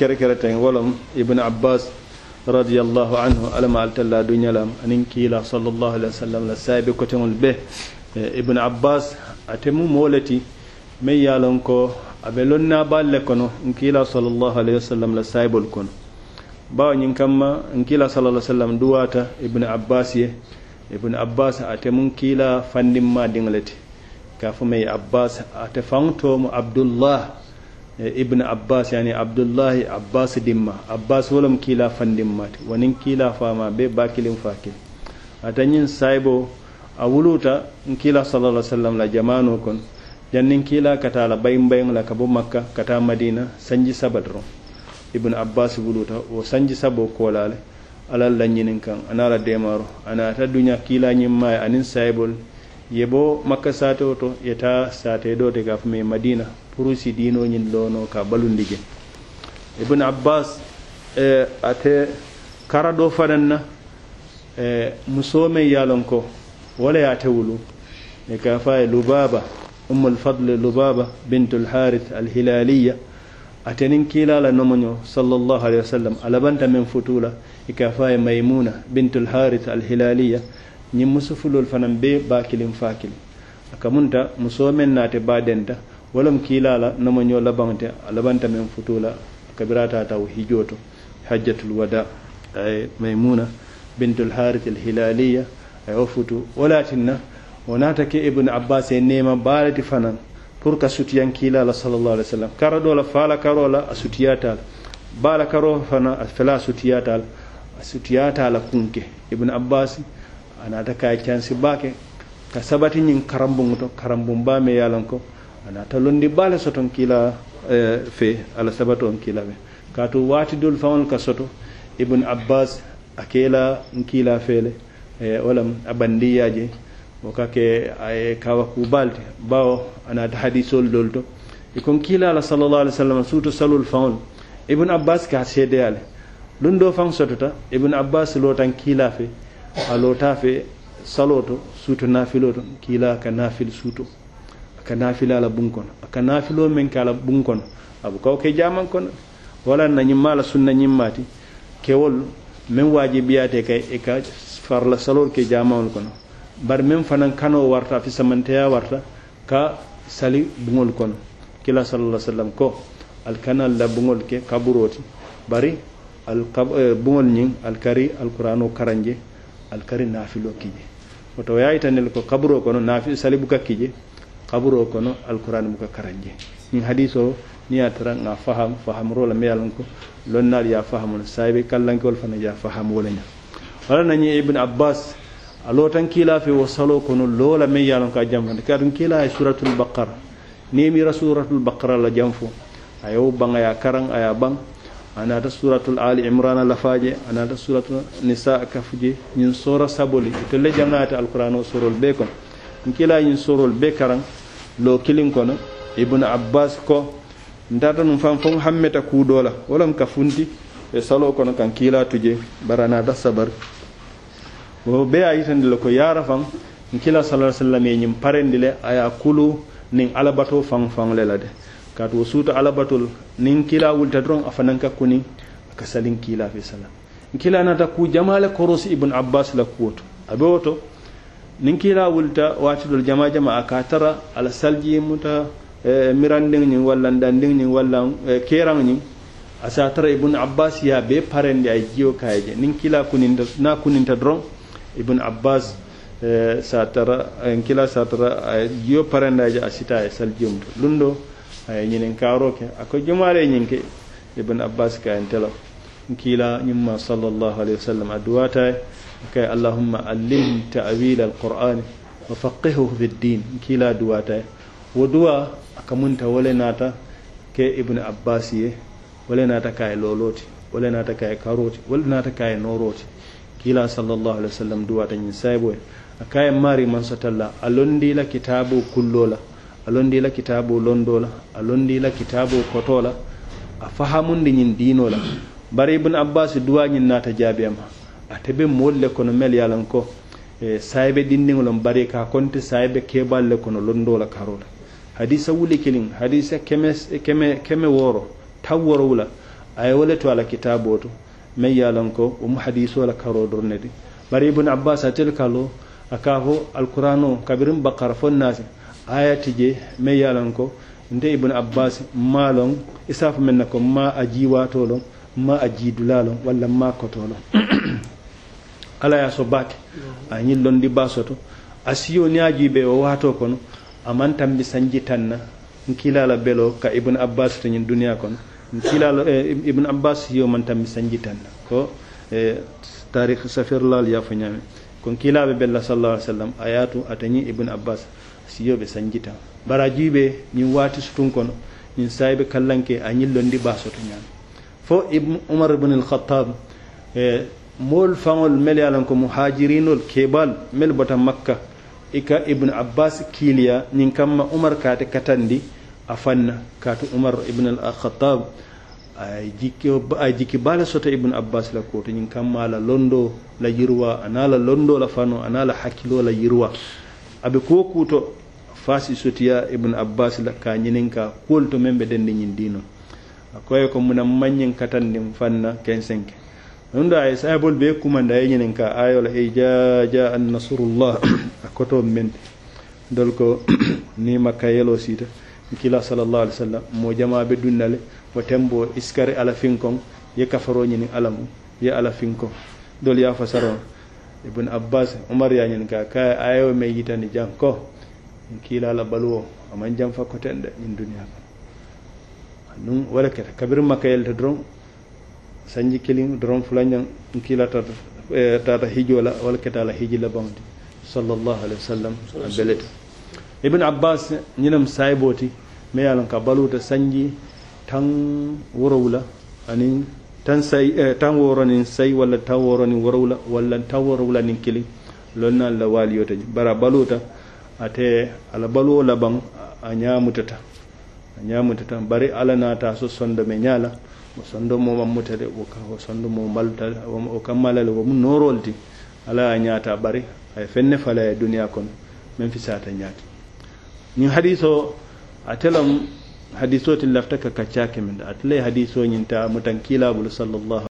kere kere ten wolom ibnu abbas radiallahu anhu alama altalla duñalam anin kiila sallallahu alaihi wa sallam la saabe koteŋol be e, ibnu abbas ate mu le me meŋ ye a lon ko a be lonnaabaal le kono nkiila sallallahu alaihi wa sallam la saayibol kono bawo ñiŋ kamma nkiila sallallahu alaihi wa sallam duwaata ibnu abbas ye ibnu abbas ate mun kiila fandinma diŋo le ti ka fo meŋ abbas ate faŋ toomu abdullah E ibne abbas yani abdoullahi abbas dimma abbas wolom kiila fandimmati wonin kiila fama be bakilin fakil atañin saybo a wuluta n kiila salalah sallam la jamano kon jannin kiila kata la bayin bayin la ka bo makka kata madina sanji sabat ron ibne abbas wuluta wo sanji sabo kolale alal lañinin kan anala demaro anata duña kiilañin maye anin saybol yebo makka sate o to yeta sate ɗo daga fume madina purusi dinoñin lono ka balundigen ibne abbas e ate kara ɗo fananna e musomen yalon ko wala yate wulu e ka fa e lubaba ummul fadle lubaba bintul harith alhilaliya atenin kilala nomoño sallllahu alayhi wa sallam alabanta men futula e ka fa e maymuna ñiŋ musufulolu fanaŋ bee ba kiliŋ faa kiliŋ a ka munta musoo meŋ naate baa denta wo lemu kiilaa la nomoñoo labaŋote a labanta meŋ futuu la kabirata taw hijoo to hajjatul wada aye maymuna bintul harith al hilaliya wo futu wo laatinna wo naata ke ibnu abbas e neema baalati fanaŋ pour ka sutiyan kiilaa la salallahu alih w sallam kara ɗo la karoo la a sutiyataa la baala karoo fana a fela a la a sutiyataa la kunke ibnu abbas anata kaye cansi baake ka sabatiñin karambuŋo to karambuŋ baame ye lanko anata londi baale soton kila eh, fe ala sabato on kila fe kaatu waati dol faŋol ka soto ibnu abbas a kela n kila fele eh, walam a bandiyaje o ka ke aye kawaku baalte bawo anata hadisol dol to ikon kila ala salallah alih w sallam suuto salul faŋol ibnu abbas ka seedeyale lun do faŋ sotota ibnu abbas lotan kila fe a lotaafe saloto suuto naafiloto kiila aka naafil suuto aka naafila ala bun kono aka naafilo men ke ala bun kono abu kaw ke jaman kono wala na ñimma ala sunna ñimmaati kewol men waajibiyaate ka e ka farla salol ke jamawol kono bari men fanan kano warta fi samanteya warta ka sali buŋol kono kila salalah sallam ko al kana la buŋol ke kaburoti bari al eh, buŋol ñiŋ al kari alqurano karanje alkari nafilo kije woto ya ita ne ko kaburoo kono naafi sali ka kije kaburoo kono alkurani buka karanje ka hadisoo niŋ ye a tara ŋa faham ro la me ye lon loŋ ko lonnaalu ye a fahamu le saayibe kallankewolu fana ya fahamu wo le wala na ibn abbas a tan kila fi wasalo ko kono lola meyal meŋ ye a ka dun kila suratul baqara ni mi rasulatul suratul baqara la jamfu a bangaya karang aya a ye a a a naata suratul ali imran lafaje a naata suratu nisa kafuje ñin sora saboli to lejangate alqouran o sorol ɓe kon nkila ñin sorol ɓe karan lo kilin kono ibnu abbas ko ndata num fan fon hammeta kuuɗola wolam ka funti e salo kono kan kila tuje bara naata sabar o ɓe a yitandi le ko yara fan nkila sala sallam e ñin parendi le aya kulu nin alabato fan fanle la de kaatu wo suuta alabatol batol niŋ kila wulita doroŋ a fanaŋ ka kuni a ka salin kiila fe salam kila nata ku jama le korosi ibnu abbas la kuwo to a be wo to niŋ kiila wulita waati dol jama jama a ka tara ala salji muta eh, mirandiŋ ñiŋ walla ndandiŋ ñiŋ walla eh, keeraŋ ñiŋ a se a tara ibnu abbas ye a bee parendi a ye jiyo ka a ye je niŋ kila kuninta niŋ a kuninta doroŋ ibnu abbas eh, sa tara kila sa tara a ye jiyo parendi a ye je a sita a ye saljiyo muta luŋ Aya aye kaaro ke ko jumaare ñin ke ibn abbas kila kiila ma sallallahu alayhi wasallam sallam a kay allahumma allim ta'wil alquran wa faqihuhu fi ddin kiila duwata. Wa duwa mun ta wole ke ibn abbas ye wole naata kaye looloti wole naata kaye karoti wole naata kaye noroti kila sallallahu alayhi wasallam sallam duwata ñin sayboye a mari maari mansatalla a kitabu kullola a la kitabo londo la a la kitabo koto la a fahamundi ñin diino la bari ibnu abbas duwañin naata jaabiyama ate be moolu le kono mel ye lan ko e, sayibe dindiŋo lon bari ka konti sayibe keebaalu le kono londo la karo la hadisa wuli kiliŋ hadisa keme, keme, keme woro taw woro wula a ye wo le to a la kitaaboo to meŋ ye lan ko wo mu um hadisoo la karo doroŋ ne ti bari ibnu abbas atel ka lo a ka fo alkurano kabiriŋ bakara fo naasi ayatije me yalon ko nde ibnu abbas maalon isafo men na ko ma a jiwatolon ma a jidulalon walla ma kotolon alaya so baake a ñillon ndi basoto a siyo ñajuɓe o wato kono aman tambi sanji tanna nkilala belo ka ibnu abbas to ñin duniya kono nkilala eh, ibnu abbas siyo man tambi sanji tanna ko eh, tarikh safirlal yafo ñame ko nkilaɓe bella sallah alih w sallam a yaatu a teñi ibnu abbas siyoɓe sanjita barajiɓe ñin wati sutun kono ñin sayiɓe kallanke a ñillondi basoto ñaami fo umar ibne alkhatab e mool faŋol mel e alan ko muhajirinol kebal mel bota makka ika ibne abbas kiiliya ñin kamma umar kate katandi a fanna katu umar ibne alkhatab ay jikki baala soto ibnu abbas la koto ñin kamma la londo la yirwa ana la londo la fano ana la hakkilo la yirwa aɓe ko kuuto fasi sotiya ibnu abbas la ka ñinin ka kuol to men ɓe dendi ñin dino koye ko muna mañin katandin fanna ken cinq ɗum ɗo ay sabol ɓe kumande ay ñinin ka ayola ey ja ja annasurullah a koto men dol ko ni makka yelo siita kila salallah alih w sallam mo jamaɓe dunnale mo tembo iskari ala finkon ye kafaro ñinin ala mum ye ala finkon dol yafa saron ibn abbas umar yañin ka kay ayewo me yitani jang ko in kiilala baluwo aman jam fakkoten de in duniya ka anum wara kete kabir makkayelta doron sanji kilin doron fulañang in kiila tata e, tata hijola wala ketala hiji labamti sallallahu alayhi wa sallam a belete ibn abbas ñinam saybo ti mais yalon ka baluta sanji tan worowula anin tan say eh, tan nin say wala tan nin worowla wala tan nin kili lon nan la waaliyota bara balota ate ala baluwo laban a ñamutata a ñamutata bari ala ta so sonda me nyala o sondo mo mammutade o sondo mo malta o o womu norolti ala a ñaata bari aye fenne fala e duniya kon men fi sata ñin ni hadiso atelam حديثوت اللي افتكك كاتشاكي من اتلي حديثوين انت متنكيلا بل صلى الله